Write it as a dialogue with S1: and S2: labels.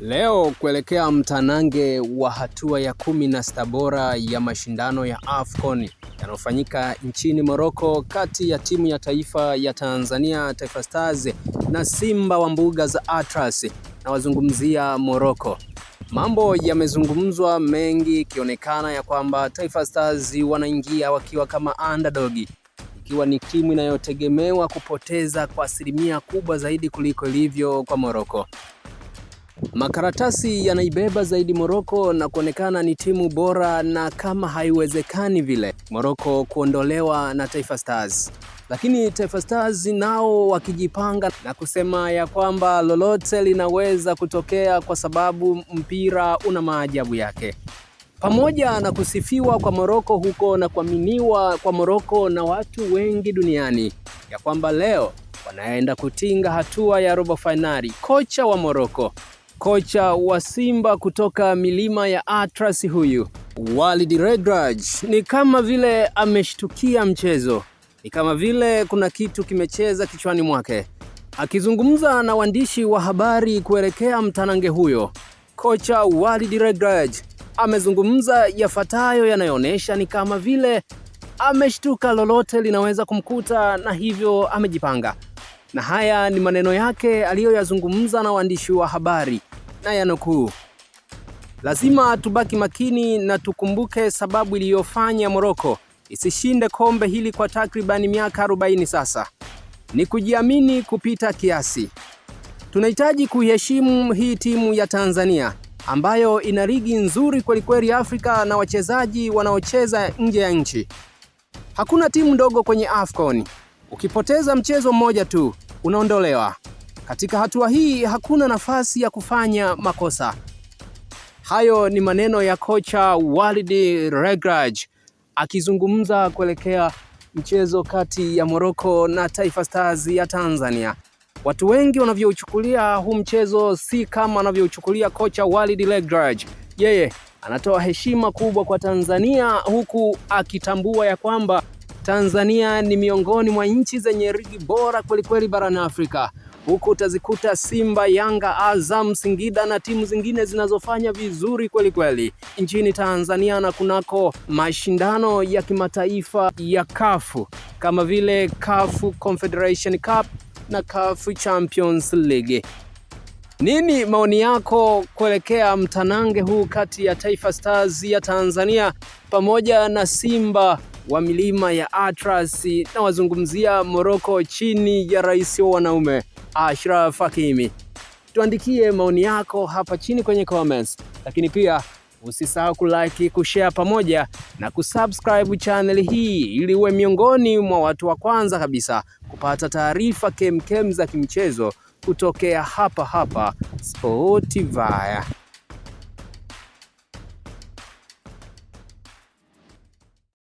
S1: Leo kuelekea mtanange wa hatua ya kumi na sita bora ya mashindano ya AFCON yanayofanyika nchini Morocco kati ya timu ya taifa ya Tanzania Taifa Stars na Simba wa mbuga za Atlas, na wazungumzia Morocco. Mambo yamezungumzwa mengi, ikionekana ya kwamba Taifa Stars wanaingia wakiwa kama underdog, ikiwa ni timu inayotegemewa kupoteza kwa asilimia kubwa zaidi kuliko ilivyo kwa Morocco. Makaratasi yanaibeba zaidi Moroko na kuonekana ni timu bora na kama haiwezekani vile Moroko kuondolewa na Taifa Stars. Lakini Taifa Stars nao wakijipanga na kusema ya kwamba lolote linaweza kutokea kwa sababu mpira una maajabu yake. Pamoja na kusifiwa kwa Moroko huko na kuaminiwa kwa Moroko na watu wengi duniani ya kwamba leo wanaenda kutinga hatua ya robo fainali. Kocha wa Moroko Kocha wa Simba kutoka milima ya Atlas huyu Walid Regraj ni kama vile ameshtukia mchezo, ni kama vile kuna kitu kimecheza kichwani mwake. Akizungumza na waandishi wa habari kuelekea mtanange huyo, kocha Walid Regraj amezungumza yafuatayo yanayoonyesha ni kama vile ameshtuka, lolote linaweza kumkuta na hivyo amejipanga. Na haya ni maneno yake aliyoyazungumza na waandishi wa habari na yanukuu: lazima tubaki makini na tukumbuke sababu iliyofanya Moroko isishinde kombe hili kwa takribani miaka 40 sasa, ni kujiamini kupita kiasi. Tunahitaji kuiheshimu hii timu ya Tanzania ambayo ina ligi nzuri kwelikweli Afrika na wachezaji wanaocheza nje ya nchi. Hakuna timu ndogo kwenye AFCON. Ukipoteza mchezo mmoja tu unaondolewa. Katika hatua hii hakuna nafasi ya kufanya makosa. Hayo ni maneno ya kocha Walid Regraj akizungumza kuelekea mchezo kati ya Morocco na Taifa Stars ya Tanzania. Watu wengi wanavyouchukulia huu mchezo si kama anavyouchukulia kocha Walid Regraj. Yeye anatoa heshima kubwa kwa Tanzania huku akitambua ya kwamba Tanzania ni miongoni mwa nchi zenye ligi bora kwelikweli barani Afrika. Huku utazikuta Simba, Yanga, Azam, Singida na timu zingine zinazofanya vizuri kweli kweli nchini Tanzania na kunako mashindano ya kimataifa ya kafu kama vile kafu Confederation Cup na kafu Champions League. Nini maoni yako kuelekea mtanange huu kati ya Taifa Stars ya Tanzania pamoja na Simba wa milima ya Atlas na wazungumzia Morocco chini ya rais wa wanaume Ashraf Hakimi. Tuandikie maoni yako hapa chini kwenye comments, lakini pia usisahau kulike, kushare pamoja na kusubscribe channel hii ili uwe miongoni mwa watu wa kwanza kabisa kupata taarifa kemkem za kimchezo kutokea hapa hapa Sportivaya.